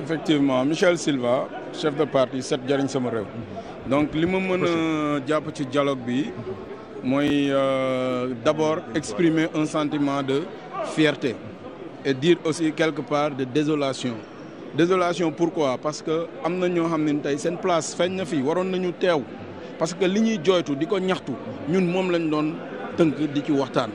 effectivement Michel Silva chef de parti set jariñ sama réew donc li ma mën jàpp ci dialogue bi mooy euh, d'abord exprimer un sentiment de fierté et dire aussi quelque part de désolation désolation pourquoi parce que am na ñoo xam ne tey seen place feeñ na fii waroon nañu teew parce que li ñuy jooytu di ko ñaxtu ñun moom lañ doon tënk di ci waxtaan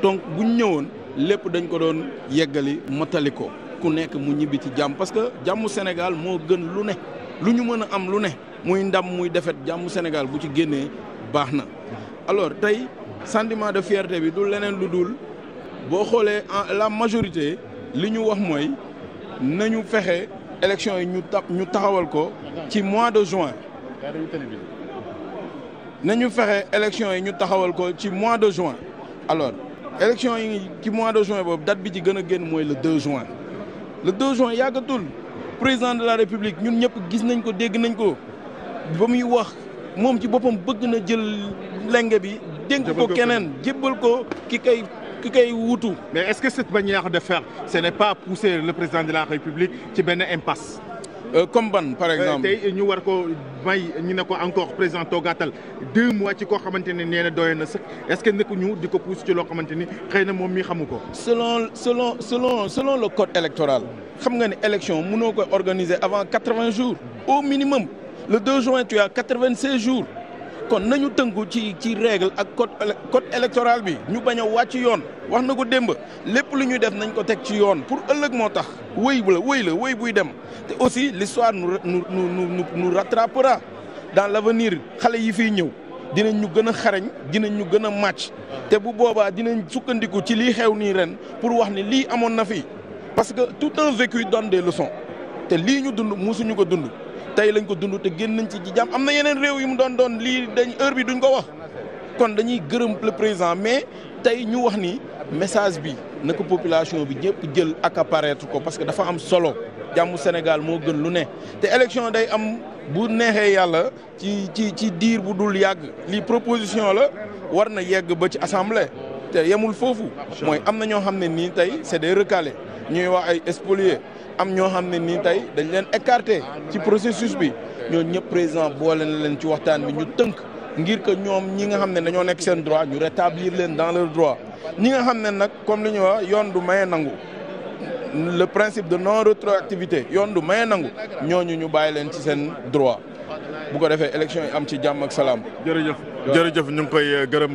donc buñ ñëwoon lépp dañ ko doon yeggali mottali ko ku nekk mu ñibbi ci jàmm parce que jàmmu Sénégal moo gën lu ne lu ñu mën a am lu ne muy ndam muy defet jàmmu Sénégal bu ci génnee baax na. alors tey sentiment de fierté bi du leneen lu dul boo xoolee en la majorité li ñu wax mooy nañu fexe élection yi ñu ñu taxawal ko ci mois de juin. nañu fexe élection yi ñu taxawal ko ci mois de juin alors élection yi ci mois de juin boobu date bi ci gën a génn mooy le 2 juin le 2 juin yàggatul président de la république ñun ñëpp gis nañ ko dégg nañ ko ba muy wax moom ci boppam bëgg na jël lenge bi. dénk ko keneen jébbal ko ki kay ki kay wutu. mais est-ce que cette manière de faire ce n'est pas pousser le président de la république ci benn impasse. Euh, comme ban par euh, exemple. tey ñu war ko may ñu ne ko encore président toogaatal deux mois ci koo xamante ne nee na doy na sax est-ce que nekku ñu di ko pousse ci loo xamante ni xëy na moom mii xamu ko. selon selon selon selon le code électoral xam nga ne élection mënoo ko organiser avant quatre-vingts jours au minimum le 2 juin tu as quatre-vingt-seize jours. kon nañu tënku ci ci règle ak code code électoral bi ñu bañ a wàcc yoon wax na ko démb lépp lu ñuy def nañ ko teg ci yoon pour ëllëg moo tax wëy bu la wëy la wëy buy dem te aussi l'histoire nous nous nous nous rattrapera dans l'avenir xale yi fiy ñëw dinañ ñu gën a xarañ dinañ ñu gën a màcc te bu boobaa dinañ sukkandiku ci lii xew nii ren pour wax ni lii amoon na fi parce que tout un vécu donne des leçons te lii ñu dund musuñu ko dund tey lañ ko dund te génn nañ ci ji jàmm am na yeneen réew yu mu doon doon lii dañ heure bi duñ ko wax kon dañuy gërëm le présent mais tey ñu wax ni message bi na ko population bi ñëpp jël ak apparaître ko parce que dafa am solo jàmm Sénégal moo gën lu ne te élection day am bu neexee yàlla ci ci ci diir bu dul yàgg lii proposition la war na yegg ba ci assemblée te yemul foofu mooy am na ñoo xam ne nii tey c'est des recalés ñuy wax ay spoliés am ñoo xam ne nii tey dañ leen écarté ci processus bi ñooñu ñëpp président boole na leen ci waxtaan bi ñu tënk ngir que ñoom ñi nga xam ne dañoo nekk seen droit ñu rétablir leen dans leur droit ñi nga xam ne nag comme li ñu wax yoon du maye nangu le principe de non rétroactivité yoon du maye nangu ñooñu ñu bàyyi leen ci seen droit bu ko defee élection yi am ci jàmm ak salaam. jërëjëf jërëjëf koy euh, gërëm.